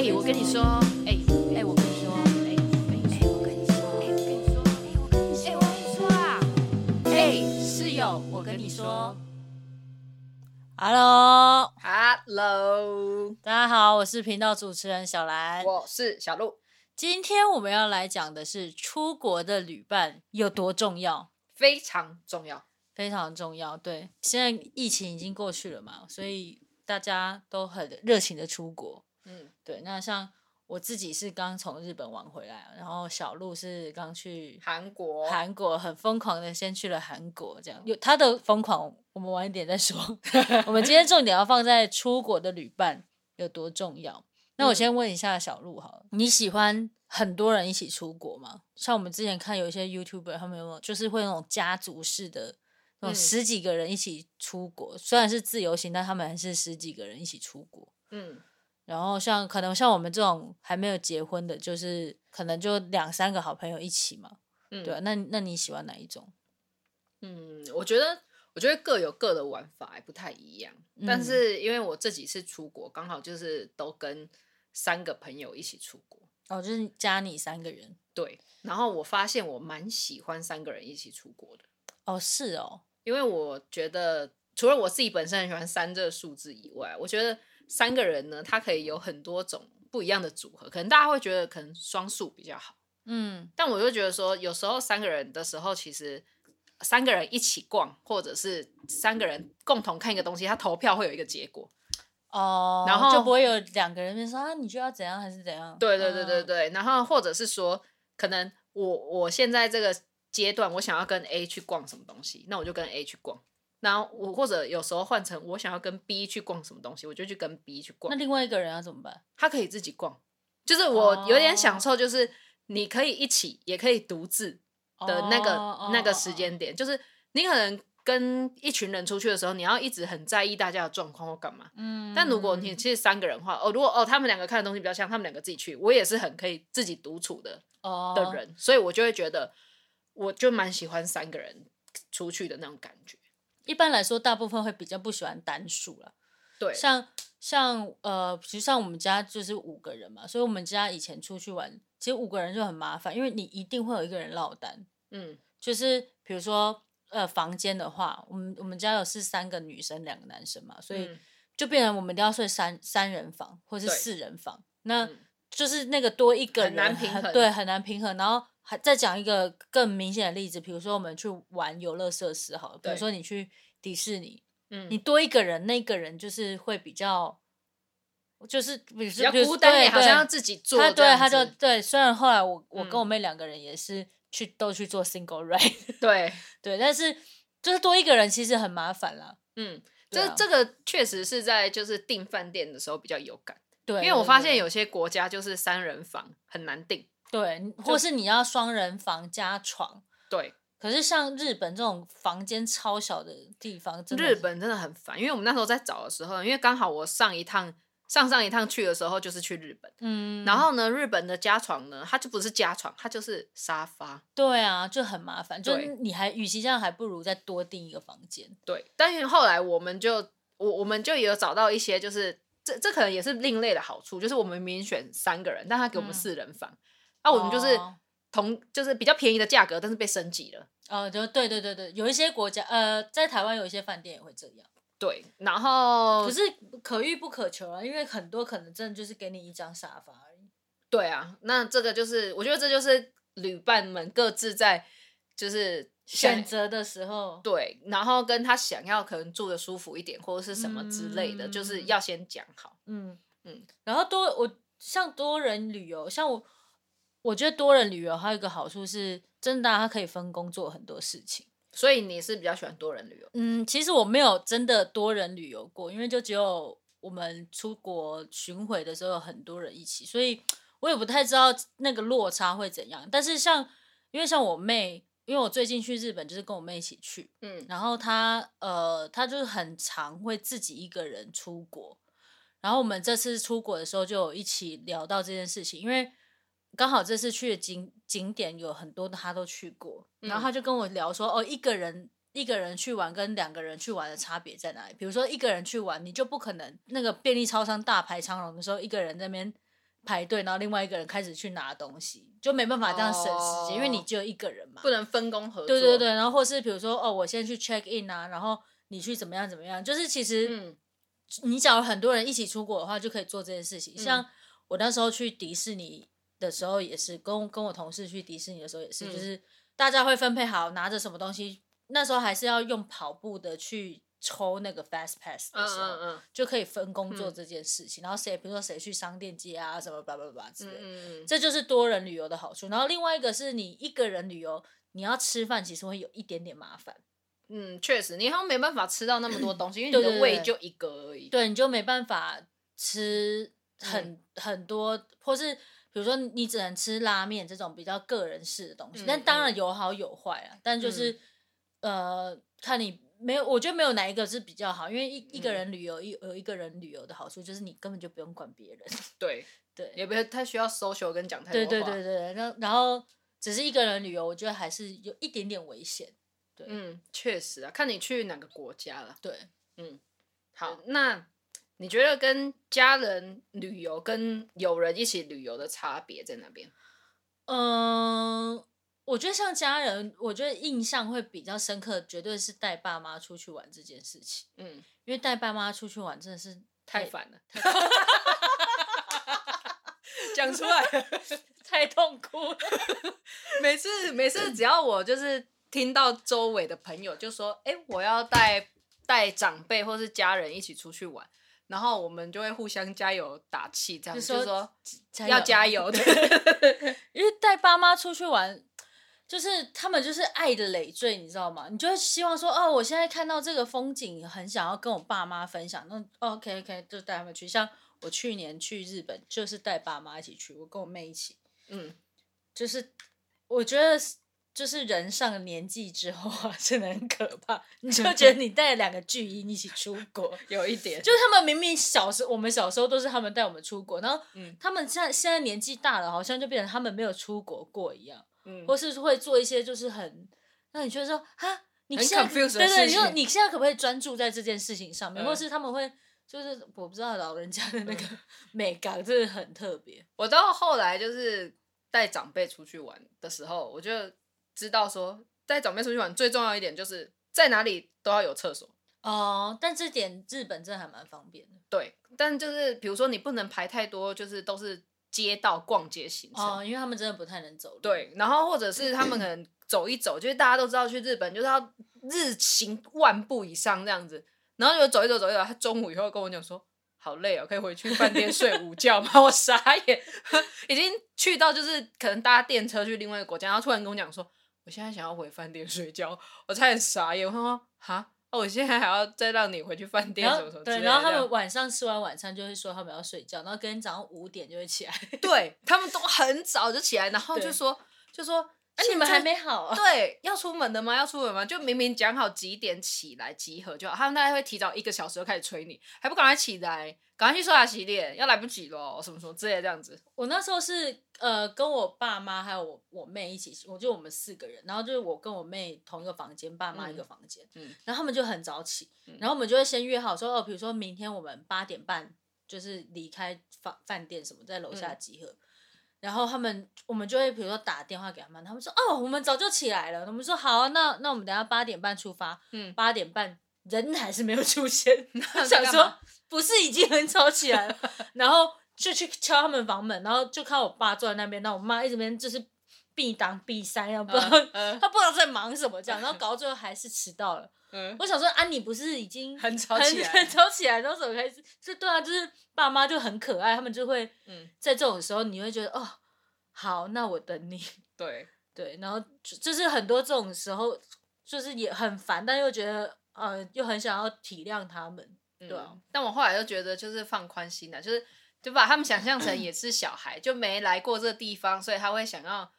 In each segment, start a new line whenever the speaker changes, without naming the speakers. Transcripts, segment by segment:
哎、欸，我跟
你說，哎、欸，哎、欸，我跟你說，哎、欸，哎、欸，我跟你說，哎、欸，我跟你說，哎、欸，我跟你說啊，哎、欸欸啊欸，室友，我跟你說，Hello，Hello，Hello. 大家好，我是頻道主持人小嵐，我是小路，今天我們要來講的是出國的旅伴有多重要，非常重要，非常重要。對，現在疫情已經過去了嘛，所以大家都很熱情的出國。嗯，對，那像我自己是剛從日本玩回來，然後小路是剛去韓國。韓國很瘋狂的，先去了韓國，這樣有他的瘋狂，我們晚一點再說。 我們今天重點要放在出國的旅伴有多重要。那我先問一下小路好，好你喜歡很多人一起出國嗎？像我們之前看有一些 YouTuber，他們有沒有，就是會那種家族式的，那種十幾個人一起出國。嗯，雖然是自由行，但他們還是十幾個人一起出國。嗯。然後像可能像我們這種還沒有結婚的，就是可能就兩三個好朋友一起嘛，嗯、對、啊、那那你喜歡哪一種？嗯，
我覺得我覺得各有各的玩法不太一樣，但是因為我這幾次出國剛好就是都跟三個朋友一起出國、嗯、
哦，就是加你三個人。
對。然後我發現我蠻喜歡三個人一起出國的，
哦，是哦，因
為我覺得除了我自己本身很喜歡三這個數字以外，我覺得。三個人呢，他可以有很多種不一樣的組合，可能大家會覺得可能雙數比較好，嗯，但我就覺得說，有時候三個人的時候，其實三個人一起逛，或者是三個人共同看一個東西，他投票會有一個結果，哦，然後就不會有
兩個人說啊，你就要怎樣還是怎樣，
對對對對對，啊、然後或者是說，可能我我現在這個階段，我想要跟 A 去逛什麼東西，那我就跟 A 去逛。然後我或者有時候換成我想要跟 B 去逛什麼東西，我就去跟 B 去逛。那另外一個人要怎麼辦？他可以自己逛。就是我有點享受，就是你可以一起，也可以獨自
的那個那
個時間點。就是你可能跟一群人出去的時候，你要一直很在意大家的狀況或幹嘛。嗯。但如果你其實三個人的話，哦，如果哦他們兩個看的東西比較像，他們兩個自己去，我也是很可以自己獨處的
哦的人。
所以我就會覺得，我就蠻喜歡三個人出去的那種
感覺。一般來說，大部分會比較不喜歡單數啦。
對，像
像呃，其實像我們家就是五個人嘛，所以我們家以前出去玩，其實五個人就很麻煩，因為你一定會有一個人落單。嗯，就是比如說呃，房間的話，我們我們家有是三個女生，兩個男生嘛，所以就變成我們都要睡三三人房或是四人房，那就是那個多一個人很難平衡，對，很難平衡，然後。還再講一個更明顯的例子，比如說我們去玩遊樂設施好了，好，比如說你去迪士尼，嗯、你多一個人，那一個人就是會比較，就是比如，比較孤單你好像要自己做，對，他就對。雖然後來我、嗯、我跟我妹兩個人也是去都去做 single ride，對 對，對，但是就是多一個人其實很麻煩啦。嗯，啊、這這
個確實是在就是訂飯店的時候比較有感，
對，因為我發現有些國家就是三人房很難訂。對，或是你要雙人房加床。對，可是像日本這種房間超小的地方的，日本真的很煩。因為我們那時候在找的時候，因為剛好我上一趟、
上上一趟去的時候就是去日本，
嗯，然後
呢，日本的加床呢，它就不是加床，它就是沙發。
對啊，就很麻煩。就你還與其這樣，還不如再多訂一個房間。對，但是後來我們就我我們就有找到一些，就是
這這可能也是另類的好處，就是我們明明選三個人，但他給我們四人房。嗯那、啊、我們就是同，oh. 就是比較便宜的價格，但是被升級了。
呃，就對對對對，有一些國家，呃，在台灣有一些飯店也會這樣。對，然後可是可遇不可求啊，因為很多可能真的就是給你一張沙發而已。對啊，那這個就是我覺得這
就是旅伴們各自在就是選擇的時候，對，然後跟他想要可能住的舒服一點或者是什麼之類的，嗯、就是要先講好。嗯
嗯，然後多我像多人旅遊，像我。我覺得多人旅遊還有一個好處是，真的他、啊、可以分工做很多事情，所以你是比較喜歡多人旅遊？嗯，其實我沒有真的多人旅遊過，因為就只有我們出國巡回的時候有很多人一起，所以我也不太知道那個落差會怎樣。但是像，因為像我妹，因為我最近去日本就是跟我妹一起去，嗯，然後她呃，她就是很常會自己一個人出國，然後我們這次出國的時候就一起聊到這件事情，因為。剛好這次去的景景點有很多，他都去過、嗯。然後他就跟我聊說：“哦，一個人一個人去玩跟兩個人去玩的差別在哪裡？比如說一個人去玩，你就不可能那個便利超商大排長龍的時候，一個人在那邊排隊，然後另外一個人開始去拿東西，就沒辦法這樣省時間、哦，因為你只有一個人嘛，不能分工合作。對對對。然後或是比如說哦，我先去 check in 啊，然後你去怎麼樣怎麼樣？就是其實、嗯、你假如很多人一起出國的話，就可以做這件事情。嗯、像我那時候去迪士尼。的時候也是跟跟我同事去迪士尼的時候也是，嗯、就是大家會分配好拿着什麼東西，那時候還是要用跑步的去抽那個 fast pass 的時候，嗯嗯嗯、就可以分工做這件事情。嗯、然後誰比如說誰去商店街啊什麼巴拉巴拉之類、嗯嗯，這就是多人旅遊的好處。然後另外一個是你一個人旅遊，你要吃飯其實會有一點點麻煩。嗯，確實，你好像沒辦法吃到那麼多東西、嗯對對對對，因為你的胃就一個而已。對，你就沒辦法吃很、嗯、很多或是。比如說，你只能吃拉麵這種比較個人式的東西，嗯、但當然有好有壞啊、嗯。但就是、嗯，呃，看你沒有，我覺得沒有哪一個是比較好，因為一、嗯、一個人旅遊，一有一個人旅遊的好處就是你根本就不用管別人，對對，也不太需要 social 跟講太多話。對對對對，然後然後只是一個人旅遊，我覺得還是有一點點危險。嗯，確實
啊，看你去哪個國家了。對，嗯，好，那。你覺得跟家人旅遊跟友人一起旅遊的差別在哪邊？嗯、
呃，我覺得像家人，我覺得印象會比較深刻，絕對是帶爸媽出去玩這件事情。嗯，因為帶爸媽出去玩真的是太煩了。講 出來了 太痛苦了。
每次每次只要我就是聽到周圍的朋友就說：“哎、欸，我要帶帶長輩或是家人一起出去玩。”然後我們就會互
相加油打氣，這樣就是說，
就說加要加油的。
對 因為帶爸媽出去玩，就是他們就是愛的累贅，你知道嗎？你就會希望說，哦，我現在看到這個風景，很想要跟我爸媽分享。那 OK OK，就帶他們去。像我去年去日本，就是帶爸媽一起去，我跟我妹一起。嗯，就是我覺得。就是人上了年紀之後啊，真的很可怕。你就覺得你帶兩個巨嬰一起出國。 有一點就是他們明明小時候，我們小時候都是他們帶我們出國，然後，他們現在、嗯、現在年紀大了，好像就變成他們沒有出國過一樣，嗯，或是會做一些就是很，那你覺得說啊，你現在對，對對，你說你現在可不可以專注在這件事情上面？嗯、或是他們會就是我不知道老人家的那個美感、嗯、真的很特別。我到後來就是帶長輩出
去玩的時候，我就。知道說在跟長輩出去玩最重要一點就是在哪裡都要有廁所
哦，但這點日本真的還蠻方便的。
對，但就是比如說你不能排太多，就是都是街道逛街行程哦，因為他們真的不太能走路。對，然後或者是他們可能走一走，就是大家都知道去日本就是要日行萬步以上這樣子，然後就走一走走一走，他中午以後跟我講說，好累哦、喔，可以回去飯店睡午覺嗎？ 我傻眼， 已經去到就是可能搭電車去另外一個國家，然後突然跟我講說。我現在想要回飯店睡覺，我才很傻眼。我說：“哈，
哦，我現在還要再讓你回去飯店什麼什麼，什麼？”對，然後他們晚上吃完晚餐就會說他們要睡覺，然後隔天早上五點就會起來。
對 他們都很早就起來，然後就說就說：“哎，欸、你們還沒好？啊？對，要出門的嗎？要出門嗎？就明明講好幾點起來集合就好，他們大概會提早一個小時就開始催你，還不趕快起來。”趕快去刷牙
洗臉，要來不及咯。什麼什麼之類這樣子。我那時候是呃，跟我爸媽還有我我妹一起，我就我們四個人，然後就是我跟我妹同一個房間，爸媽一個房間，嗯，然後他們就很早起，嗯、然後我們就會先約好說、嗯、哦，比如說明天我們八點半就是離開飯飯店什麼，在樓下集合、嗯，然後他們我們就會比如說打電話給他們，他們說哦，我們早就起來了，我們說好、啊，那那我們等下八點半出發，嗯，八點半。人還是沒有出現，想說不是已經很早起來了， 然後就去敲他們房門，然後就看我爸坐在那邊，然後我媽一直邊就是閉當閉三，要不知道、嗯嗯、他不知道在忙什麼這樣，然後搞到最後還是遲到了、嗯。我想說啊，你不是已經很早起來，很早起來，然後怎麼開始？是，對啊，就是爸媽就很可愛，他們就會、嗯、在這種時候，你會覺得哦，好，那我等你。對對，然後就是很多這種時候，就是也很煩，但又覺得。呃，就很想要體諒他們，對啊，嗯。但我後來又覺得，就是放寬心
了，就是就把他們想象成也是小孩， 就沒來過這個地方，所以他會想要，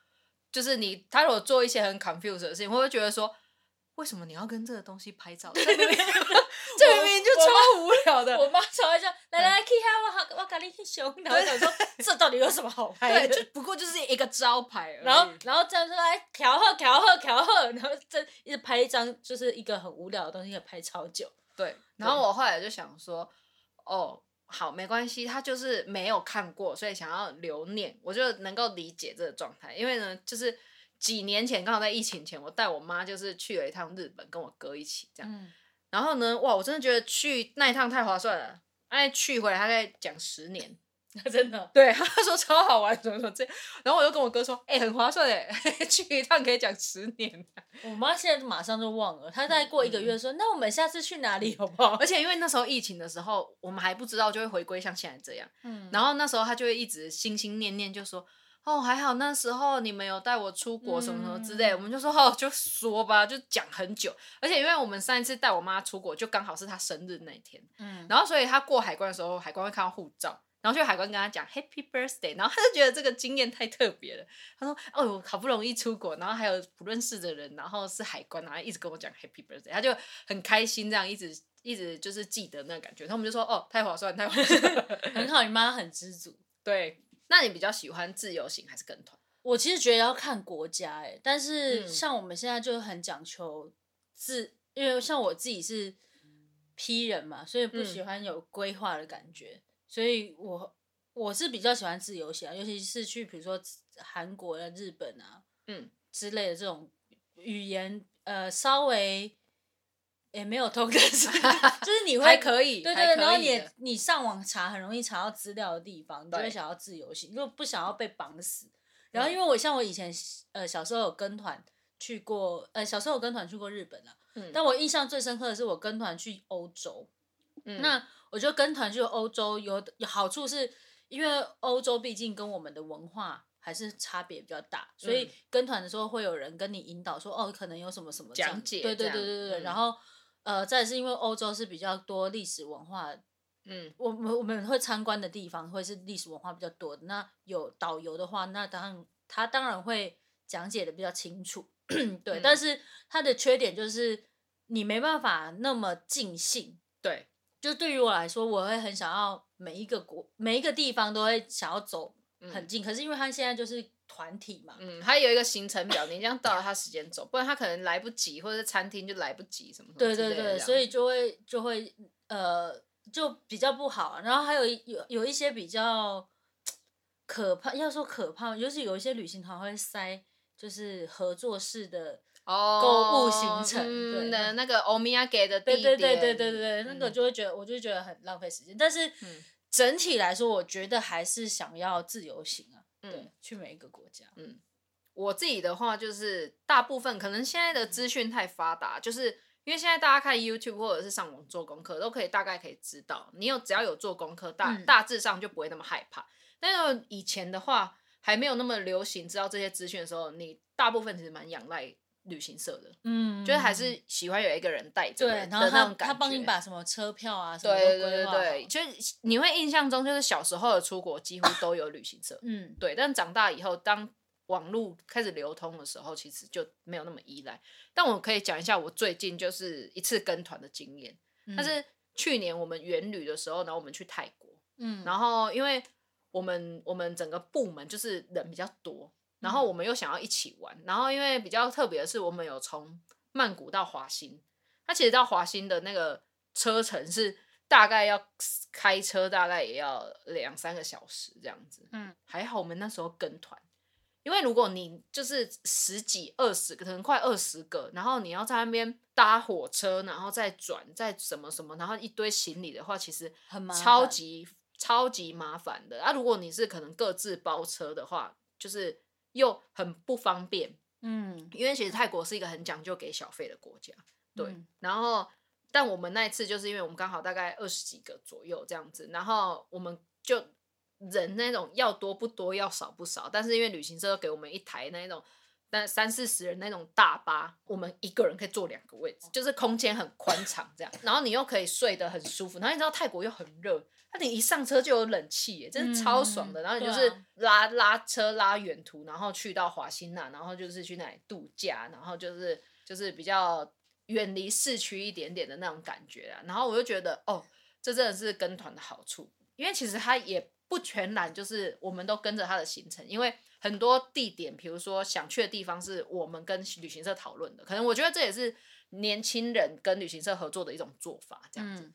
就是你，他如果做一些很 confused 的事情，會不會覺得說，為什麼你要跟這個東西拍照？ 這明明就超無
聊的。我媽才會說：“來來，可以拍嗎？我搞了一隻熊。”然後想說：“這到底有什麼好拍的？”對，就不過就是一個招牌。 然後，然後這樣說來：“哎，調和，調和，調和。”然後，這一直拍一張，就是一個很無聊的東西，也拍超久。對。然後我後來就想說：“哦，好，沒關
係，他就是沒有看過，所以想要留念，我就能夠理解這個狀態。因為呢，就是幾年前，剛好在疫情前，我帶我媽就是去了一趟日本，跟我哥一起這樣。嗯”然後呢？哇，我真的覺得去那一趟太划算了。哎、啊，去回來他再講
十年，真的。對，他說超好玩，什麼什麼這？然後我又跟我哥說：“哎、欸，很划算哎，去一趟可以講十年、啊。”我媽現在馬上就忘了。她再過一個月說、嗯：“那我們下次去哪裡好不好？”而且因為那時候疫情的時候，我們還不知道就會回歸像
現在這樣。嗯、然後那時候她就會一直心心念念，就說。哦，還好那時候你沒有帶我出國什麼什麼之類、嗯，我們就說哦，就說吧，就講很久。而且因為我們上一次帶我媽出國，就剛好是她生日那天，嗯，然後所以她過海關的時候，海關會看到護照，然後去海關跟她講 Happy Birthday，然後她就覺得這個經驗太特別了，她說哦，我好不容易出國，然後還有不認識的人，然後是海關，然後一直跟我講 Happy Birthday，她就很開心這樣，一直一直就是記得那個感覺。然後我們就說哦，太划算，太划算，
很好，你媽很知足，對。那你比較喜歡自由行還是跟團？我其實覺得要看國家哎、欸，但是像我們現在就很講求自，因為像我自己是 P 人嘛，所以不喜歡有規劃的感覺，嗯、所以我我是比較喜歡自由行。啊，尤其是去比如說韓國啊、日本啊，嗯之類的這種語言呃稍微。也、欸、沒有偷個啥，是 就是你會還可以，對對，對，然後你你上網查很容易查到資料的地方，你就會想要自由行，如果不想要被綁死。然後因為我、嗯、像我以前呃小時候有跟團去過，呃小時候有跟團去過日本啊、嗯。但我印象最深刻的是我跟團去歐洲、嗯。那我覺得跟團去歐洲有有好處是，是因為歐洲畢竟跟我們的文化還是差別比較大，所以跟團的時候會有人跟你引導說哦，可能有什麼什麼講解，對對對對對，嗯、然後。呃，再來是因為歐洲是比較多歷史文化，嗯，我們我們會參觀的地方會是歷史文化比較多的。那有導遊的話，那當然他當然會講解的比較清楚，嗯、對。但是他的缺點就是你沒辦法那麼盡興，對。就對於我來說，我會很想要每一個國每一個地方都會想要走很近，嗯、可是因為他現在就是。團體嘛，嗯，
他有一個行程表，你一定要到了他時間走， 不然他可能來不及，或者餐廳就來不及什麼，什麼。對對對，所
以就會就會呃，就比較不好。啊，然後還有有有一些比較可怕，要說可怕，就是有一些旅行團會塞，就是合作式的購物行程，的、oh,
嗯，那個歐米亞給的，對對對對對對對，那個就
會覺得我就覺得很浪費時間。但是整體來說，我覺得還是想要自由行啊。對、嗯，去每一個國家。嗯，
我自己的話就是，大部分可能現在的資訊太發達、嗯，就是因為現在大家看 YouTube 或者是上網做功課，都可以大概可以知道。你有只要有做功課，大、嗯、大致上就不會那麼害怕。但是以前的話，還沒有那麼流行知道這些資訊的時候，你大部分其實蠻仰賴。旅行社的，嗯，就是還是喜歡有一個人帶着，對，然後他幫
你把什麼車票啊，什麼規劃好，對對對，就
是你會印象中就是小時候的出國幾乎都有旅行社，嗯，對，但長大以後當網絡開始流通的時候，其實就沒有那麼依賴。但我可以講一下我最近就是一次跟團的經驗、嗯，但是去年我們遠旅的時候，然後我們去泰國，嗯，然後因為我們我們整個部門就是人比較多。然後我們又想要一起玩，嗯、然後因為比較特別的是，我們有從曼谷到華欣，它其實到華欣的那個車程是大概要開車大概也要兩三個小時這樣子。嗯，還好我們那時候跟團，因為如果你就是十幾二十個，可能快二十個，然後你要在那邊搭火車，然後再轉再什麼什麼，然後一堆行李的話，其實很超級，很麻煩，超級超級麻煩的。啊，如果你是可能各自包車的話，就是。又很不方便，嗯，因為其實泰國是一個很講究給小費的國家，對，嗯。然後，但我們那一次就是因為我們剛好大概二十幾個左右這樣子，然後我們就人那種要多不多，要少不少。但是因為旅行社給我們一台那一種。但三四十人那種大巴，我們一個人可以坐兩個位置，oh. 就是空間很寬敞，這樣， 然後你又可以睡得很舒服。然後你知道泰國又很熱，那你一上車就有冷氣，耶，真的超爽的。嗯、然後你就是拉、啊、拉車拉遠途，然後去到華欣那，然後就是去那裡度假，然後就是就是比較遠離市區一點點的那種感覺啊。然後我就覺得，哦，這真的是跟團的好處，因為其實它也不全然就是我們都跟着它的行程，因為。很多地點，比如說想去的地方，是我們跟旅行社討論的。可能我覺得這也是年輕人跟旅行社合作的一種做法。這樣子，嗯、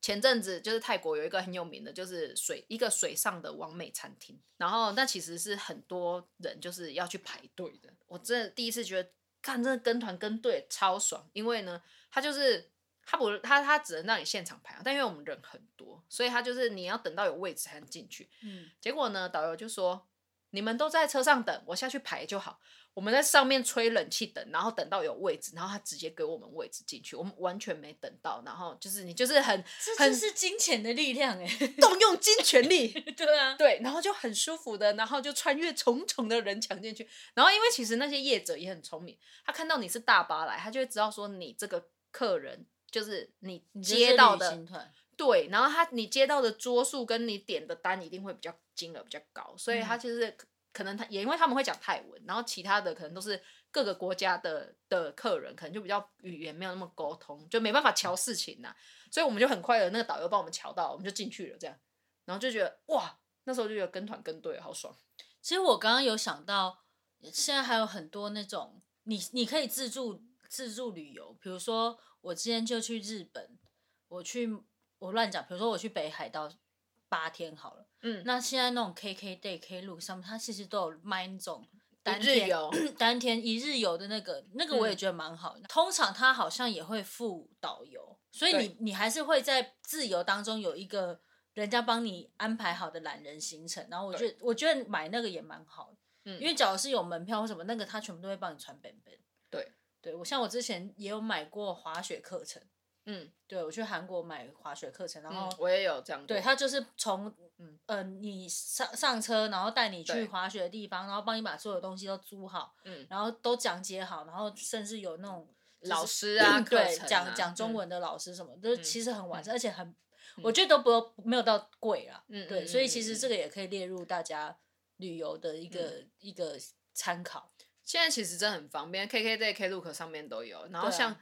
前陣子就是泰國有一個很有名的，就是水一個水上的網美餐廳。然後那其實是很多人就是要去排隊的。我真的第一次覺得，幹，這跟團跟隊超爽，因為呢，他就是他不他他只能讓你現場排、啊，但因為我們人很多，所以他就是你要等到有位置才能進去。嗯，結果呢，導遊就說。你們都在車上等，我下去排就好。我們在上面吹冷氣等，然後等到有位置，然後他直接給我們位置進去。我們完全沒等到，然後就是你就是很，這就是金錢的力量哎，動用金權力， 對啊，對，然後就很舒服的，然後就穿越重重的人搶進去。然後因為其實那些業者也很聰明，他看到你是大巴來，他就會知道說你這個客人就是你接到的。對，然後他你接到的桌數跟你點的單一定會比較金額比較高，所以他就是可能他也因為他們會講泰文，然後其他的可能都是各個國家的的客人，可能就比較語言沒有那麼溝通，就沒辦法喬事情啦。所以我們就很快有那個導遊幫我們喬到，我們就進去了，這樣，然後就覺
得哇，那時候就覺得跟團跟對，好爽。其實我剛剛有想到，現在還有很多那種你你可以自助自助旅遊，比如說我今天就去日本，我去。我亂講，比如說我去北海道八天好了，嗯，那現在那種 KK day、K 路上面，它其實都有賣那種單日遊、單天一日遊的那個，那個我也覺得蠻好。嗯，通常它好像也會附導遊，所以你你還是會在自由當中有一個人家幫你安排好的懶人行程，然後我覺得我覺得買那個也蠻好。嗯，因為假如是有門票或什麼，那個他全部都會幫你傳本本。對，對我像我之前也有買過滑雪課程。嗯，對我去韓國買滑雪課程，然後我也
有這樣。對他就
是從嗯、呃、你上上車，然後帶你去滑雪的地方，然後幫你把所有東西都租好、嗯，然後都講解好，然後甚至有那種、就是、老師啊，對，啊、講講中文的老師什麼，的、嗯，都其實很完善、嗯，而且很、嗯，我覺得都不沒有到貴啊、嗯，對、嗯，所以其實這個也可以列入大家旅遊的一個、嗯、一個參考。
現在其實真的很方便，KKday、Klook 上面都有，然後像。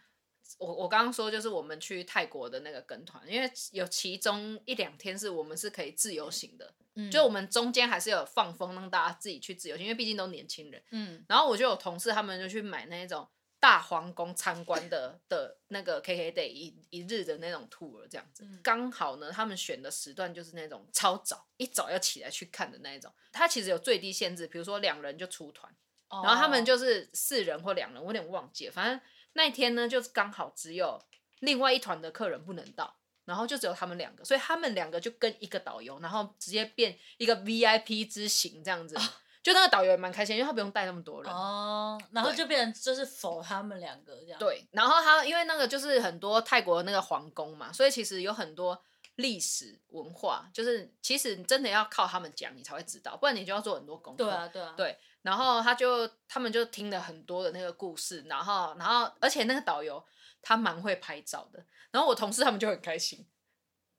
我我剛剛說就是我們去泰國的那個跟團，因為有其中一兩天是我們是可以自由行的，嗯、就我們中間還是有放風，讓大家自己去自由行，因為畢竟都年輕人。嗯，然後我就有同事他們就去買那一種大皇宮參觀的的那個 K K Day 一 一日的那種 tour 這樣子，嗯，剛好呢，他們選的時段就是那種超早一早要起來去看的那一種，它其實有最低限制，比如說兩人就出團，然後他們就是四人或兩人，我有點忘記了，反正。那一天呢，就是剛好只有另外一團的客人不能到，然後就只有他們兩個，所以他們兩個就跟一個導遊，然後直接變一個 VIP 之行這樣子。哦、就那個導遊也蠻開心，因為他不用帶那麼多人哦，然
後就變成就是 for 他們兩個
這樣。對，然後他因為那個就是很多泰國的那個皇宮嘛，所以其實有很多。歷史文化就是，其實你真的要靠他們講，你才會知道，不然你就要做很多功課。對啊，對啊，對。然後他就他們就聽了很多的那個故事，然後然後而且那個導遊他蠻會拍照的，然後我同事他們就很開心，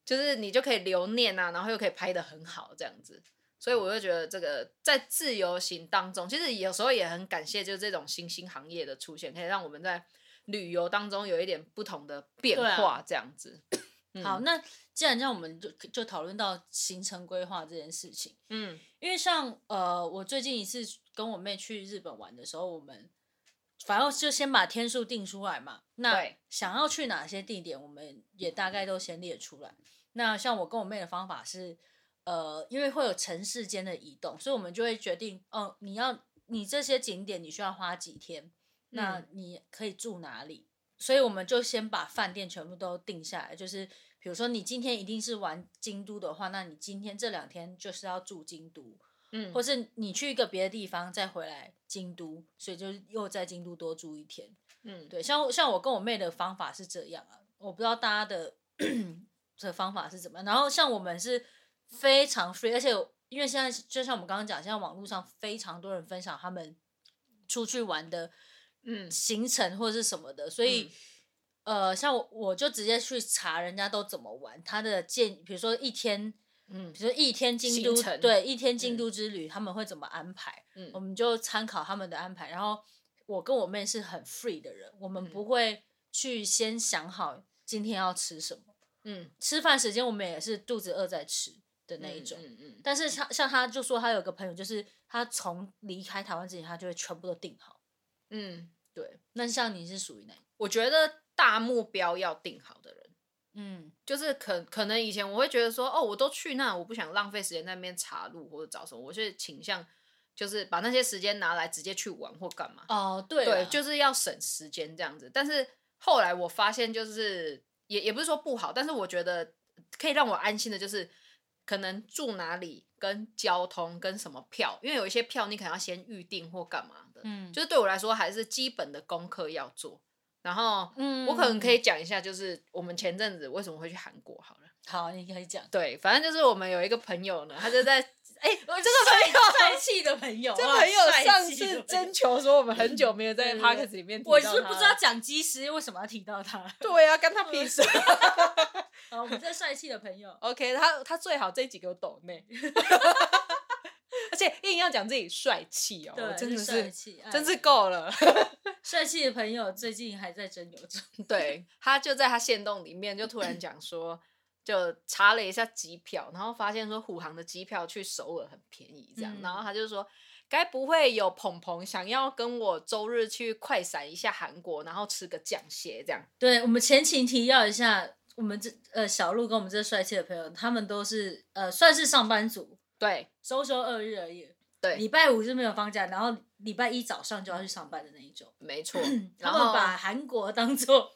就是你就可以留念啊，然後又可以拍得很好這樣子，所以我就覺得這個在自由行當中，其實有時候也很感謝，就是這種新興行業的出現，可以讓我們在旅遊當中有一點不同的變化這樣子。啊嗯、好，
那。既然這樣，我們就就討論到行程規劃這件事情。嗯，因為像呃，我最近一次跟我妹去日本玩的時候，我們反正就先把天數定出來嘛。對。想要去哪些地點，我們也大概都先列出來。嗯。那像我跟我妹的方法是，呃，因為會有城市間的移動，所以我們就會決定，哦，呃，你要你這些景點你需要花幾天，那你可以住哪裡。嗯。所以我們就先把飯店全部都定下來，就是。比如說你今天一定是玩京都的話，那你今天這兩天就是要住京都，嗯，或是你去一個別的地方再回來京都，所以就又在京都多住一天，嗯，對，像像我跟我妹的方法是這樣啊，我不知道大家的 的方法是怎麼，然後像我們是非常 free，而且因為現在就像我們剛剛講，現在網絡上非常多人分享他們出去玩的，嗯，行程或者是什麼的，嗯，所以。呃，像我我就直接去查人家都怎麼玩，他的建議，比如說一天，嗯，比如說一天京都，對，一天京都之旅，嗯，他們會怎麼安排，嗯，我們就參考他們的安排。然後我跟我妹是很 free 的人，我們不會去先想好今天要吃什麼，嗯，吃飯時間我們也是肚子餓在吃的那一種，嗯，嗯，嗯，但是像他就說他有個朋友，就是他從離開台灣之前，他就會全部都定好，嗯，對。那像你是屬於哪？我覺得。大目標要
定好的人，
嗯，
就是可可能以前我會覺得說，哦，我都去那，我不想浪費時間在那邊查路或者找什麼，我就傾向就是把那些時間拿來直接去玩或幹嘛。
哦，對，對，就
是要省時間這樣子。但是後來我發現，就是也也不是說不好，但是我覺得可以讓我安心的，就是可能住哪裡、跟交通、跟什麼票，因為有一些票你可能要先預定或幹嘛的。嗯，就是對我來說還是基本的功課要做。然後，嗯，我可能可以講一下，就是我們前陣子為什麼會去韓國，好了。好，你可以講。對，反正就是我們有一個朋友呢，他就在，哎
欸這個，我真的帥帥氣的朋友，這個、朋友上次徵求
說，我們很久沒有在 Parks 裡面提到他 對對對，我是不知道
蔣基石為什麼要提到他，
對要、啊、跟他比帥。啊
我們這帥氣的朋友。
OK，他他最好這幾個抖內。 對，硬要講自己帥氣哦，真的是，是帥氣，真是夠了。
哎、 帥氣的朋友最近還在真牛資，
對，他就在他限動裡面就突然講說， 就查了一下機票，然後發現說虎航的機票去首爾很便宜，這樣、嗯，然後他就說，該不會有鵬鵬想要跟我周日去快閃一下韓國，然後吃個醬蟹這樣。
對，我們前情提要一下，我們這呃小路跟我們這帥氣的朋友，他們都是呃算是上班族。對，收收二日而已。對，禮拜五是沒有放假，然後禮拜一早上就要去上班的那一種。沒錯，然後把韓國當做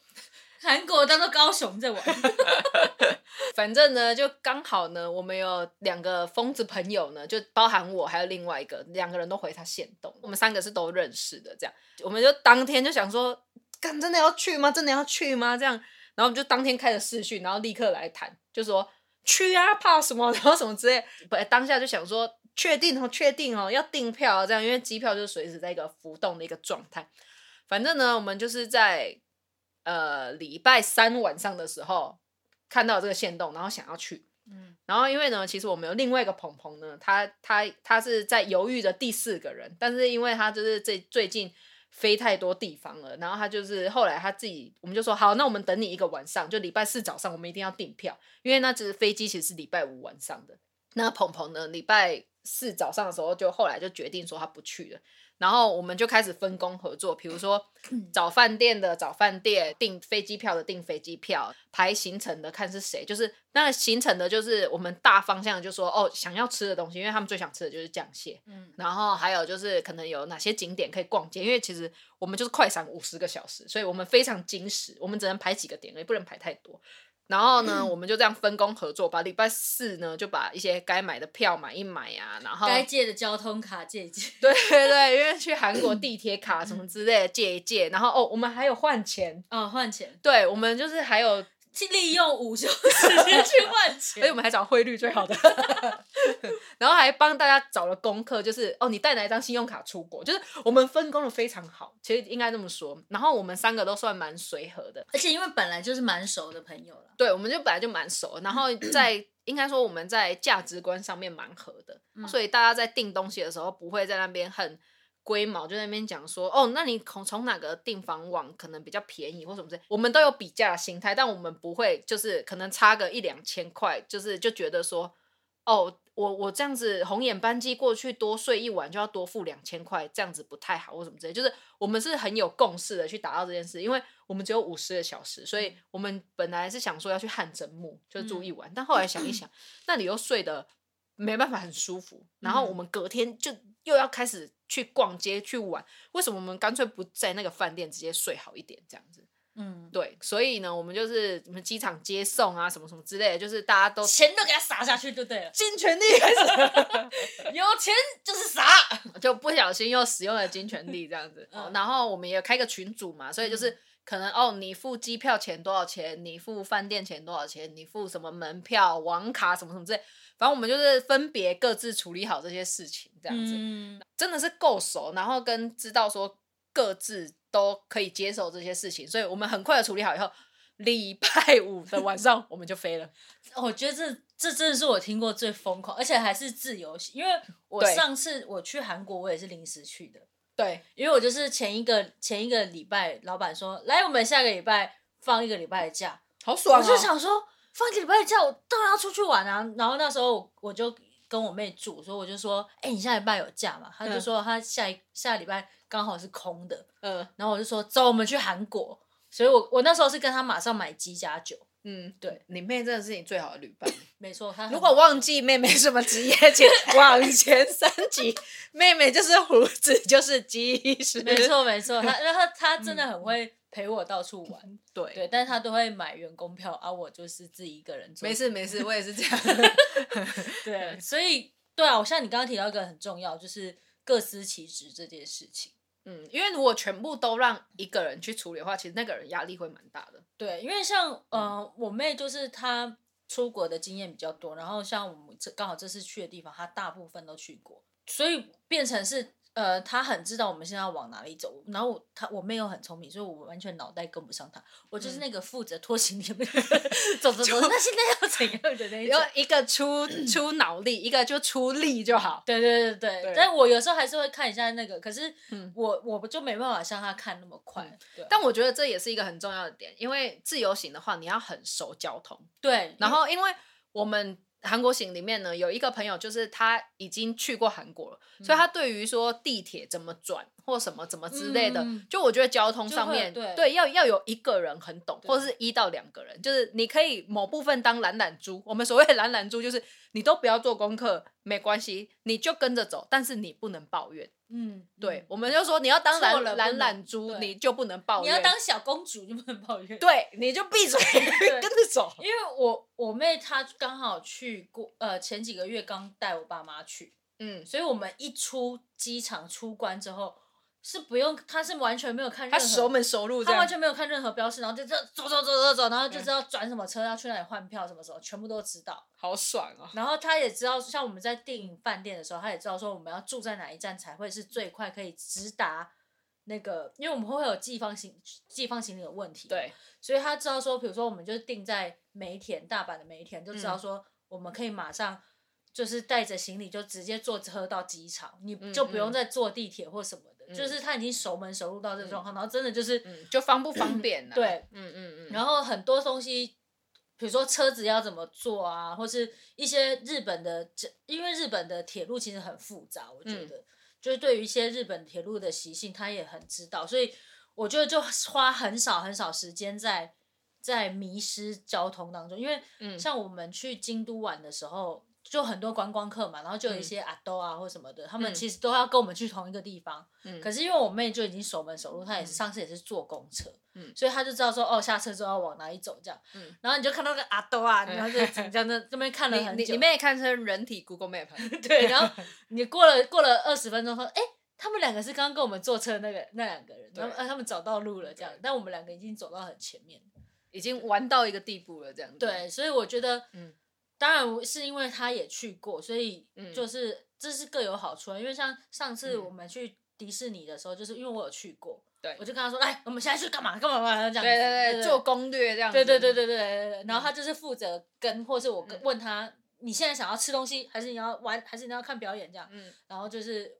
韓 國當做高雄在玩。 反正呢，就剛好呢，我們有兩個
瘋子朋友呢，就包含我，還有另外一個，兩個人都回他縣東。我們三個是都認識的，這樣，我們就當天就想說，幹真的要去嗎？真的要去嗎？這樣，然後我們就當天開了視訊，然後立刻來談，就說。去啊，怕什麼？然後什麼之類，不，當下就想說確定哦，確定哦，要訂票，啊、這樣，因為機票就是隨時在一個浮動的一個狀態。反正呢，我們就是在呃禮拜三晚上的時候看到這個限動，然後想要去，嗯，然後因為呢，其實我們有另外一個朋鵬呢，他他他是在猶豫的第四個人，但是因為他就是最最近飛太多地方了，然後他就是後來他自己，我們就說好，那我們等你一個晚上，就禮拜四早上，我們一定要訂票，因為那只飛機其實是禮拜五晚上的。那鵬鵬呢，禮拜四早上的時候就後來就決定說他不去了。然後我們就開始分工合作，比如說找飯店的找飯店，訂飛機票的訂飛機票，排行程的看是誰。就是那個、行程的，就是我們大方向，就說哦，想要吃的東西，因為他們最想吃的就是醬蟹、嗯。然後還有就是可能有哪些景點可以逛街，因為其實我們就是快閃五十個小時，所以我們非常精實，我們只能排幾個點，也不能排太多。然後呢、嗯，我們就這樣分工合作，把禮拜四呢就把一些該買的票買一買呀、啊，然後該借
的交通卡借一借，
對對對，因為去韓國地鐵卡什麼之類的借一借，然後哦，我們還有換錢啊、哦，換錢，對，我們就是還有。去利用午休時間去換錢， 而且我們還找匯率最好的， 然後還幫大家找了功課，就是哦，你帶哪一張信用卡出國？就是我們分工的非常好，其實應該這麼說。然後我們三個都算蠻隨和的，而且因為本來就是蠻熟的朋友了，對，我們就本來就蠻熟。然後在應該說我們在價值觀上面蠻合的，嗯，所以大家在訂東西的時候不會在那邊很。龜毛就那邊講說，哦，那你從從哪個訂房網可能比較便宜或什麼之類的，我們都有比價的心態，但我們不會就是可能差個一兩千塊，就是就覺得說，哦，我我這樣子紅眼班機過去多睡一晚就要多付兩千塊，這樣子不太好或什麼之類的，就是我們是很有共識的去達到這件事，因為我們只有五十個小時，所以我們本來是想說要去汗蒸幕就住一晚，嗯，但後來想一想， 那你又睡得沒辦法很舒服，然後我們隔天就。又要開始去逛街去玩，為什麼我們乾脆不在那個飯店直接睡好一點這樣子？嗯，對，所以呢，我們就是我們機場接送啊，什麼什麼之類的，就是大家都錢
都給他撒下去就對了，盡全力，
有錢就是撒， 就不小心又使用了盡全力這樣子、 哦。然後我們也開個群組嘛，所以就是可能、嗯、哦，你付機票錢多少錢，你付飯店錢多少錢，你付什麼門票、網卡什麼什麼之類。然後我們就是分別各自處理好這些事情，這樣子，嗯，真的是夠熟，然後跟知道說各自都可以接受這些事情，所以我們很快的處理好以後，禮
拜五的晚上我們就飛了。我覺得這這真的是我聽過最瘋狂，而且還是自由行，因為我上次我去韓國我也是臨時去的，對，因為我就是前一個前一個禮拜老闆說來，我們下個禮拜放一個禮拜的假，好爽啊，我就想說。放幾個禮拜的假，我當然要出去玩啊！然後那時候我就跟我妹住，所以我就說：“哎、欸，你下禮拜有假嘛？嗯」她就說：“她下一下禮拜剛好是空的。”嗯，然後我就說：“走，我們去韓國。”所以我，我我那時候是跟她馬上買機加酒。嗯，對，你妹真的是你最好的旅伴，沒錯。如果忘記妹妹什麼職
業前往前三集， 妹妹就是鬍子，就是機師沒錯沒錯。她然後她真的很會。
陪我到處玩，對對，但是他都會買員工票，而、啊、我就是自己一個人。沒事沒事，我也是這樣。 對，所以對啊，我像你剛剛提到一個很重要，就是各司其職這件事情。嗯，因為如果全部都讓一個人去處理的話，其實那個人壓力會蠻大的。對，因為像呃、嗯，我妹就是她出國的經驗比較多，然後像我們這剛好這次去的地方，她大部分都去過，所以變成是。呃，他很知道我們現在要往哪裡走，然後我他我妹又很聰明，所以我完全腦袋跟不上他，我就是那個負責拖行李、嗯、 走着走，走。那現在要怎樣的那一一個出 出腦力，一個就出力就好。對對對對，對，但我有時候還是會看一下那個，可是我、嗯、我不就沒辦法像他看那麼快、嗯。但我覺得這也是一個很重要的點，因為自由行的話，
你要很熟交通。
對，嗯、然後
因為我們。韓國行裡面呢，有一個朋友，就是他已經去過韓國了，嗯，所以他對於說地鐵怎麼轉。或什麼怎麼之類的、嗯，就我覺得交通上面對，對要要有一個人很懂，或者是一到兩個人，就是你可以某部分當懶懶豬。我們所謂的懶懶豬，就是你都不要做功課，沒關係，你就跟着走，但是你不能抱怨。嗯，對，嗯、我們就說你要當懶懶懶
豬，你就不能抱怨；你要當小公主，就不能抱怨。對，你就閉嘴 跟着走。因為我我妹她剛好去過，呃，前幾個月剛帶我爸媽去，嗯，所以我們一出機場出關之後。是不用，他是完全沒有看任何，他熟門熟路，他完全沒有看任何標識，然後就這走走走走走，然後就知道轉什麼車、嗯，要去哪裡換票，什麼時候全部都知道。好爽啊、哦！然後他也知道，像我們在訂飯店的時候，他也知道說我們要住在哪一站才會是最快可以直達那個，因為我們會有寄放行寄放行李的問題，對，所以他知道說，比如說我們就定在梅田大阪的梅田，就知道說我們可以馬上就是帶着行李就直接坐車到機場、嗯，你就不用再坐地鐵或什麼。就是他已經熟門熟路到這種狀況、嗯，然後真的就是就方不方便了、啊。 對，嗯嗯嗯。然後很多東西，比如說車子要怎麼坐啊，或是一些日本的，這因為日本的鐵路其實很複雜，我覺得、嗯、就是對於一些日本鐵路的習性，他也很知道，所以我覺得就花很少很少時間在在迷失交通當中，因為像我們去京都玩的時候。嗯就很多觀光客嘛，然後就有一些阿兜啊或什麼的、嗯，他們其實都要跟我們去同一個地方。嗯、可是因為我妹就已經熟門熟路，嗯、她也是上次也是坐公車，嗯、所以她就知道說哦，下車之後要往哪裡走這樣。嗯、然後你就看到個阿兜啊，然後就講那這邊、嗯嗯、看了很久。你，你，你妹看成人體 Google Map。對。然後你過了 過了二十分鐘，說、欸、哎，他們兩個是剛剛跟我們坐車的那個那兩個人，然後他們找到路了這樣，但我們兩個已經走到很前面，已經玩到一個地步了這樣。對，對所以我覺得、嗯當然是因為他也去過，所以就是這是各有好處的、嗯。因為像上次我們去迪士尼的時候，嗯、就是因為我有去過，對我就跟他說：“哎，我們現在去幹嘛？幹嘛？幹嘛？”這樣子對,對,對,對對對，做
攻略這樣子。對對對對對
對對。然後他就是負責跟、嗯，或是我跟問他：“你現在想要吃東西，還是你要玩，還是你要看表演？”這樣、嗯。然後就是，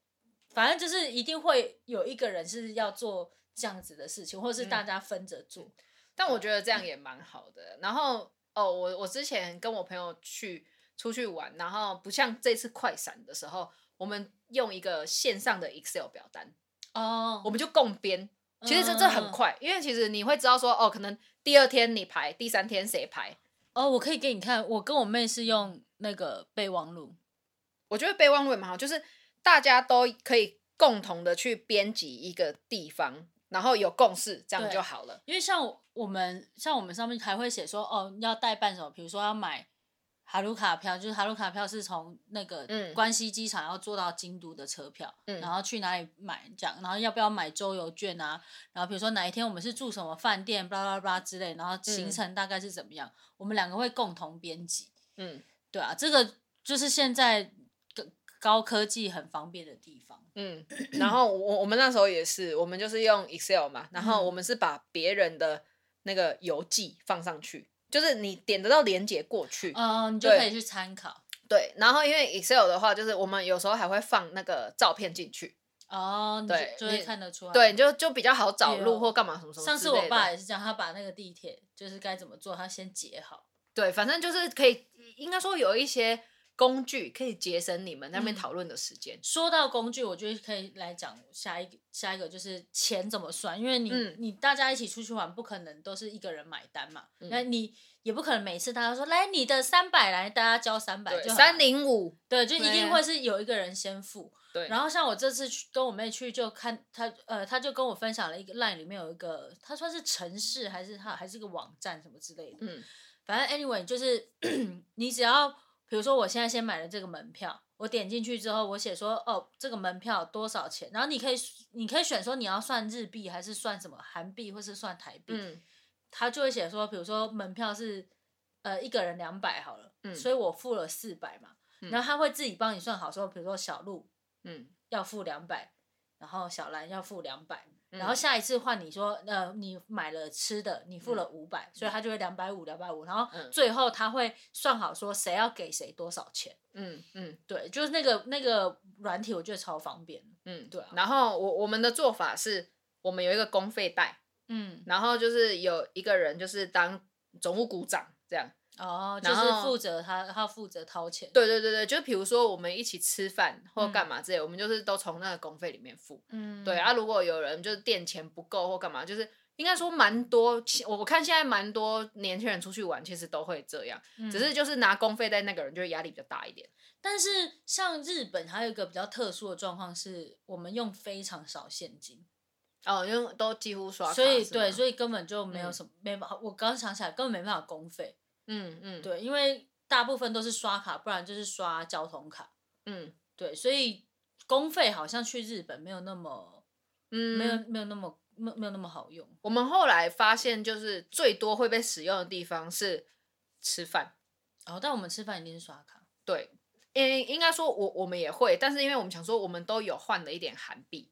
反正就是一定會有一個人是要做這樣子的事情，或是大家分着做、嗯。但我覺得這樣也蠻好的。
嗯、然後。哦，我我之前跟我朋友去出去玩，然後不像這次快閃的時候，我們用一個線上的 Excel 表單哦，oh. 我們就共編，其實這、oh. 這很快，因為其實你會知道說，哦，可能第二天你排，第三天誰排？
哦、oh，我可以給你看，我跟我妹是用那個備忘錄，
我覺得備忘錄也蠻好，就是大家都可以共同的去編輯一個地方。然後有共識，這樣就好了。
因為像我們，像我們上面還會寫說，哦，要代辦什麼，比如說要買哈魯卡票，就是哈魯卡票是從那個關西機場要坐到京都的車票，嗯、然後去哪裡買講，然後要不要買週遊券啊，然後比如說哪一天我們是住什麼飯店，巴拉巴拉之類，然後行程大概是怎麼樣、嗯，我們兩個會共同編輯，嗯，對啊，這個就是現在高科技很方便的地方。
嗯， 然後我我們那時候也是，我們就是用 Excel 嘛，然後我們是把別人的那個遊記放上去，就是你點得到鏈接過去，嗯，你就可以去
參考。對，
對，然後因為 Excel 的話，就是我們有時候還會放那個照片進去。哦，對，
你就可以看得出
來。對，就就比較好找路或幹嘛什麼什麼。上次我爸也是
這樣，他把那個地鐵就是該怎麼做，他先截好。
對，反正就是可以，應該說有一些。工具可以節
省你們那邊討論的時間、嗯。說到工具，我覺得可以來講下一下一個，一個就是錢怎麼算。因為你、嗯、你大家一起出去玩，不可能都是一個人買單嘛。嗯、那你也不可能每次他都說來你的三百來，大家交三百就三零五，對, 305, 對，就一定會是有一個人先付。對、啊。然後像我這次去跟我妹去，就看她呃，她就跟我分享了一個 line 裡面有一個，她說是城市還是她還是個網站什麼之類的。嗯、反正 anyway，就是 你只要。比如說，我現在先買了這個門票，我點進去之後，我寫說，哦，這個門票多少錢？然後你可以，你可以選說你要算日幣還是算什麼韓幣或是算台幣，嗯，他就會寫說，比如說門票是，呃，一個人兩百好了，嗯，所以我付了四百嘛，嗯，然後他會自己幫你算好說，比如說小路嗯，要付兩百，然後小嵐要付兩百。然後下一次換你說、嗯，呃，你買了吃的，你付了五百、嗯，所以他就會兩百五，兩百五。然後最後他會算好說誰要給誰多少錢。嗯
嗯，
對，就是那個那個軟體，我覺得超方便。嗯，
對、啊。然後我我們的做法是，我們有一個公費袋，嗯，然後就是有一個人就是當總務股長這樣。哦、
oh，就是負
責他，他負責掏錢。對對對對，就比如說我們一起吃飯或幹嘛之類、嗯，我們就是都從那個公費裡面付。嗯、對啊，如果有人就是墊錢不夠或幹嘛，就是應該說蠻多。我看現在蠻多年輕人出
去玩，其實都會這樣，嗯、只是就是拿公費在那個人就是壓力比較大一點。但是像日本它有一個比較特殊的狀況是，我們用非常少現金。哦，因為都幾乎刷卡。所以對，所以根本就沒有什麼，嗯、沒我剛剛想起來，根本沒辦法公費。嗯嗯，對，因為大部分都是刷卡，不然就是刷交通卡。嗯，對，所以公費好像去日本沒有那麼，嗯，沒有沒有那麼，沒沒有那麼好用。
我們後來發現，就是最多會被使用的地方是吃飯。哦，但我們吃飯一定是刷卡。對，應應該說我我們也會，但是因為我們想說我們都有換了一點韓幣、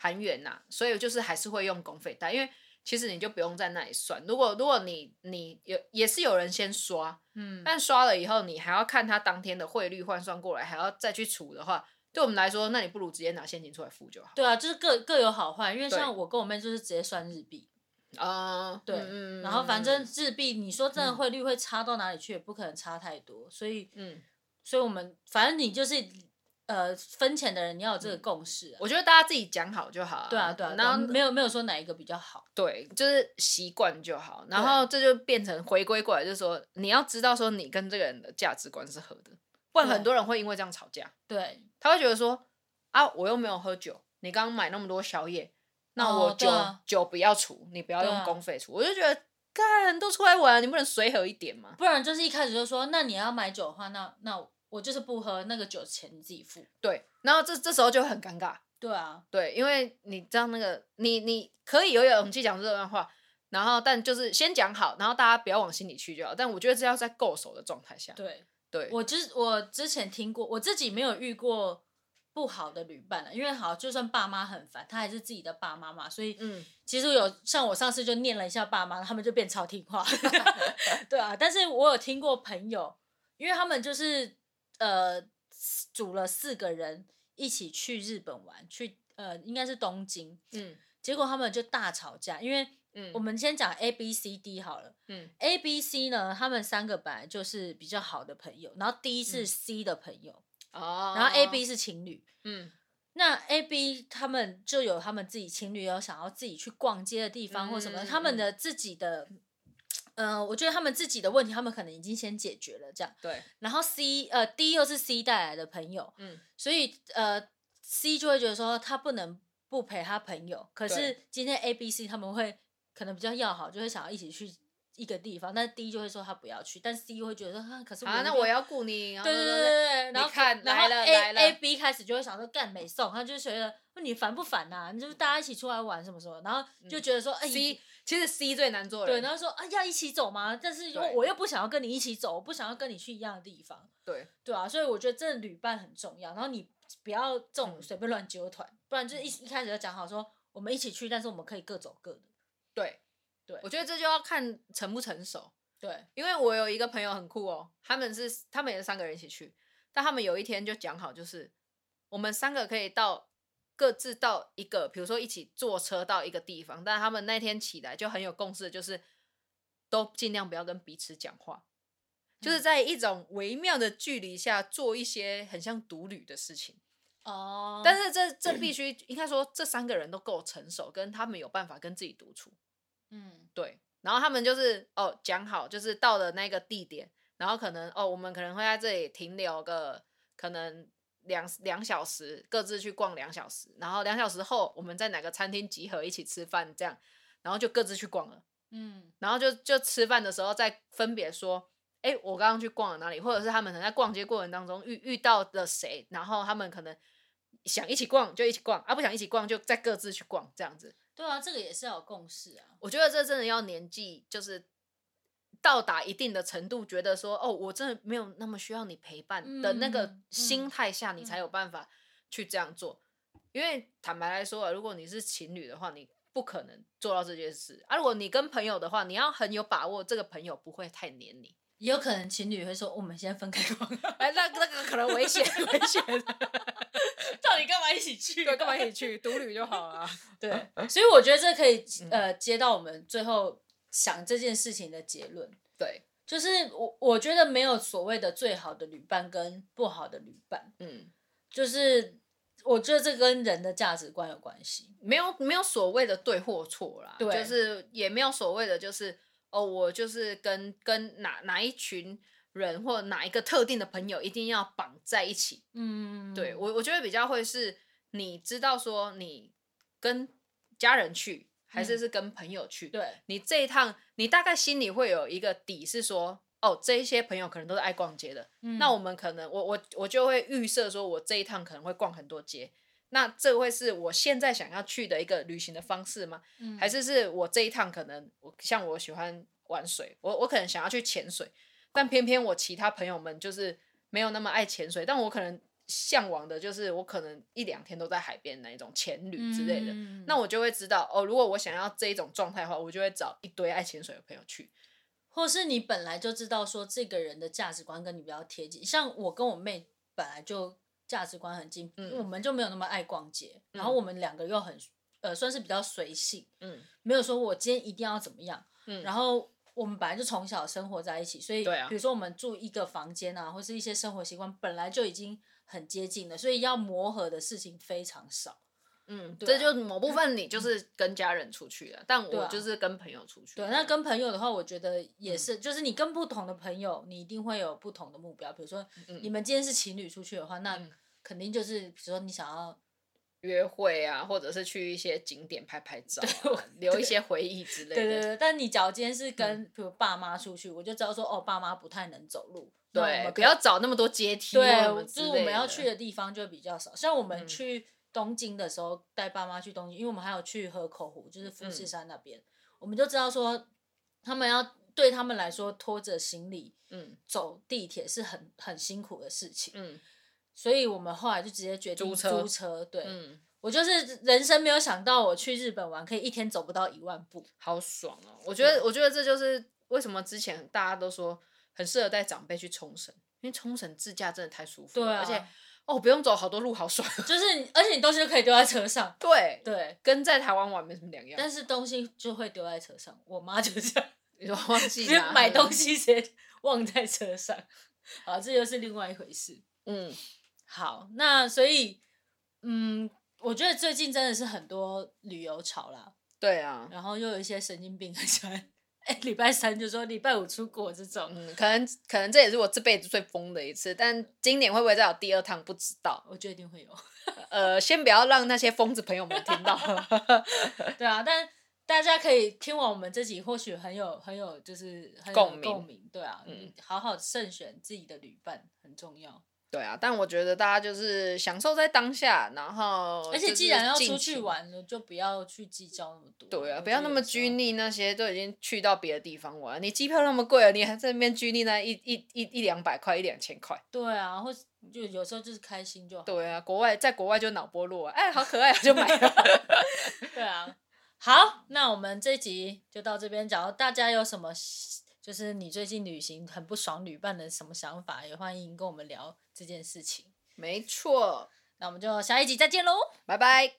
韓元吶、啊，所以就是還是會用公費帶，但因為。其實你就不用在那裡算，如果如果你你有也是有人先刷，嗯，但刷了以後你還要看他當天的匯率換算過來，還要再去除的話，對我們來說，那你不如直接拿現金出來付就好。對啊，就是各各有好壞，
因為像我跟我妹就是直接算日幣，啊，對，呃，對，嗯，然後反正日幣，嗯，你說真的匯率會差到哪裡去，嗯，也不可能差太多，所以，嗯，所以我們反正你就是。呃，分錢的人你要有這個共識、啊嗯，我覺得大家自己講好就好、啊。對啊，對啊。然後、嗯、
沒有沒有說哪一個比較好，對，就是習慣就好。然後這就變成回歸過來，就是說你要知道說你跟這個人的價值觀是合的，不然很多人會因為這樣吵架。
對，
他會覺得說啊，我又沒有喝酒，你剛剛買那麼多宵夜，
那我酒、哦啊、
酒不要出，你不要用公費出，我就覺得幹都出來玩，你不能隨和一點嘛。
不然就是一開始就說，那你要買酒的話，那那我。我就是不喝那個酒，錢自己付。
對，然後這這時候就很尷尬。
對啊，
對，因為你知道那個，你你可以有勇氣講這段話，然後但就是先講好，然後大家不要往心裡去就好。但我覺得這
要在夠熟的狀態下。對，對我之我之前聽過，我自己沒有遇過不好的旅伴了，因為好，就算爸媽很煩，他還是自己的爸媽嘛，所以嗯，其實有像我上次就念了一下爸媽，他們就變超聽話。 對啊，但是我有聽過朋友，因為他們就是。呃，組了四個人一起去日本玩，去呃，應該是東京。嗯，結果他們就大吵架，因為，我們先講 A、B、C、D 好了。嗯，A、B、C 呢，他們三個本來就是比較好的朋友，然後 D 是 C 的朋友。哦、嗯。然後 A、B 是情侶。嗯、哦。那 A、B 他們就有他們自己情侶有想要自己去逛街的地方或什麼、嗯，他們的自己的。嗯、呃，我覺得他們自己的問題，他們可能已經先解決了，這樣。對。然後 C 呃 D 又是 C 帶來的朋友，嗯。所以呃 C 就會覺得說他不能不陪他朋友，可是今天 A B C 他們會可能比較要好，就會想要一起去一個地方，但 D 就會說他不要去，但 C 會覺得說、啊、可是，我是。啊，那我要
顧你。對對對對，對你看。然後然後，來了然後 A A B
開始就會想說幹沒送，他就覺得你煩不煩吶、啊？你就大家一起出來玩什麼什麼，然後就覺得說哎。欸嗯 C，其實 C 最難做人，對，然後說，哎、啊，要一起走嗎？但是又，我又不想要跟你一起走，我不想要跟你去一樣的地方，對，對啊，所以我覺得真的旅伴很重要。然後你不要這種隨便亂揪團，不然就一一開始就講好說我們一起去，但是我們可以各走各的，對，對，我覺得這就要看成不成熟，對，
因為我有一個朋友很酷哦、喔，他們是，他們也是三個人一起去，但他們有一天就講好，就是我們三個可以到。各自到一個，比如說一起坐車到一個地方，但他們那天起來就很有共識，就是都盡量不要跟彼此講話，嗯，就是在一種微妙的距離下做一些很像獨旅的事情。
哦，但是這這必須
應該說，這三個人都夠成熟，跟他們有辦法跟自己獨處。嗯，對。然後他們就是哦，講好就是到了那個地點，然後可能哦，我們可能會在這裡停留個可能。兩兩小時各自去逛兩小時，然後兩小時後我們在哪個餐廳集合一起吃飯，這樣，然後就各自去逛了。嗯，然後就就吃飯的時候再分別說，哎，我剛剛去逛了哪裡，或者是他們可能在逛街過程當中遇遇到了誰，然後他們可能想一起逛就一起逛，啊，不想一起逛就再各自去逛這樣子。
對啊，這個也是要有共識啊。
我覺得這真的要年紀就是。到達一定的程度，覺得說哦，我真的沒有那麼需要你陪伴的那個心態下、嗯，你才有辦法去這樣做、嗯。因為坦白來說，如果你是情侶的話，你不可能做到這件事啊。如果你跟朋友的話，你要很有把握，這個朋友不會
太黏你。有可能情侶會說，我們先分開吧， 哎，那那個可能危險， 危險。
到底幹嘛一起去？幹嘛一起去？獨旅就好了。
對、啊，所以我覺得這可以呃、嗯、接到我們最後。想這件事情的結論，對，就是我我覺得沒有所謂的最好的旅伴跟不好的旅伴，嗯，就是我覺得這跟人的價值觀有關係，沒有沒有所
謂的對或錯啦，對，就是也沒有所謂的就是哦，我就是跟跟哪哪一群人或哪一個特定的朋友一定要綁在一起，嗯，
對，
我我覺得比較會是你知道說你跟家人去。還是是跟朋友去、嗯，對，你這一趟，你大概心裡會有一個底，是說，哦，這一些朋友可能都是愛逛街的，嗯、那我們可能，我我我就會預設說，我這一趟可能會逛很多街，那這會是我現在想要去的一個旅行的方式嗎？嗯、還是是我這一趟可能，我像我喜歡玩水，我我可能想要去潛水，但偏偏我其他朋友們就是沒有那麼愛潛水，但我可能。嚮往的就是我可能一兩天都在海邊那一種潛水之類的、嗯，那我就會知道
哦。如果我想要這一種狀態的話，我就會找一堆愛潛水的朋友去，或是你本來就知道說這個人的價值觀跟你比較貼近，像我跟我妹本來就價值觀很近、嗯，我們就沒有那麼愛逛街，嗯、然後我們兩個又很呃算是比較隨性，嗯，沒有說我今天一定要怎麼樣，嗯、然後我們本來就從小生活在一起，所以對啊、比如說我們住一個房間啊，或是一些生活習慣本來就已經。很接近的，所以要磨合的事情非常少。嗯，啊、這就某部分你就是跟家人出去的、啊嗯，但我就是跟朋友出去、啊。對、啊對啊對啊，那跟朋友的話，我覺得也是、嗯，就是你跟不同的朋友，你一定會有不同的目標。比如說，你們今天是情侶出去的話、嗯，那肯定就是比如說你想要約
會啊，或者是去一些景點拍拍
照、啊啊，留一些
回憶之類的。對對對
對。但你假如今天是跟比如爸媽出去，嗯、我就知道說哦，爸媽不太能走路。對，不要找那麼多階梯、啊，對，就是我們要去的地方就比較少。像我們去東京的時候，帶爸媽去東京、嗯，因為我們還有去河口湖，就是富士山那邊、嗯，我們就知道說，他們要對他們來說拖着行李，嗯，走地鐵是很很辛苦的事情、嗯，所以我們後來就直接決定租車，租車。對，嗯、我就是人生沒有想到，我去日本玩可以一天走不到一萬步，好爽哦！我覺得，嗯、我覺得這就是為什麼之前大家
都說。很適合帶長輩去沖繩，因為沖繩自駕真的太舒服了。對啊，而且哦，不用走好多路，好爽。就是而且你東西就可以丟在車上。對對，跟在台灣玩沒什麼兩樣。但是
東西就會丟在車上，我媽就這樣，你 說忘記，買東西直接忘在車上，啊， 這又是另外一回事。嗯，好，那所以，嗯，我覺得最近真的是很多旅遊潮啦。對啊，然後又有一些神經病很喜歡。哎、欸，禮拜三就說禮拜五出國這種，嗯、可
能可能這也是我這輩子最瘋的一次，但今年會不會再有第二趟不知
道，我覺得一定會有。呃，先不要讓那些瘋子朋友們聽到。 對啊，但大家可以聽完我們這集，或許很有很有就是很有共鳴共鳴。對啊，好好慎選自己的旅伴很重要。
對啊，但我覺得大家就是享受在當下，然後而且既然要出去
玩了，就不要去計較那麼多。
對啊，不要那麼拘泥那些，都已經去到別的地方玩，你機票那麼貴了，你還在那邊拘泥那一一一兩百塊一兩千塊。
對啊，或者就有時候就是開心就好。對啊，國外在國外就腦波弱啊。哎、欸，好可愛、啊，就買。 對啊，好，那我們這一集就到這邊，講大家有什麼。就是你最近旅行很不爽，旅伴的什麼想法也歡迎跟我們聊這件事情。沒錯，那我們就下一集再見嘍，拜拜。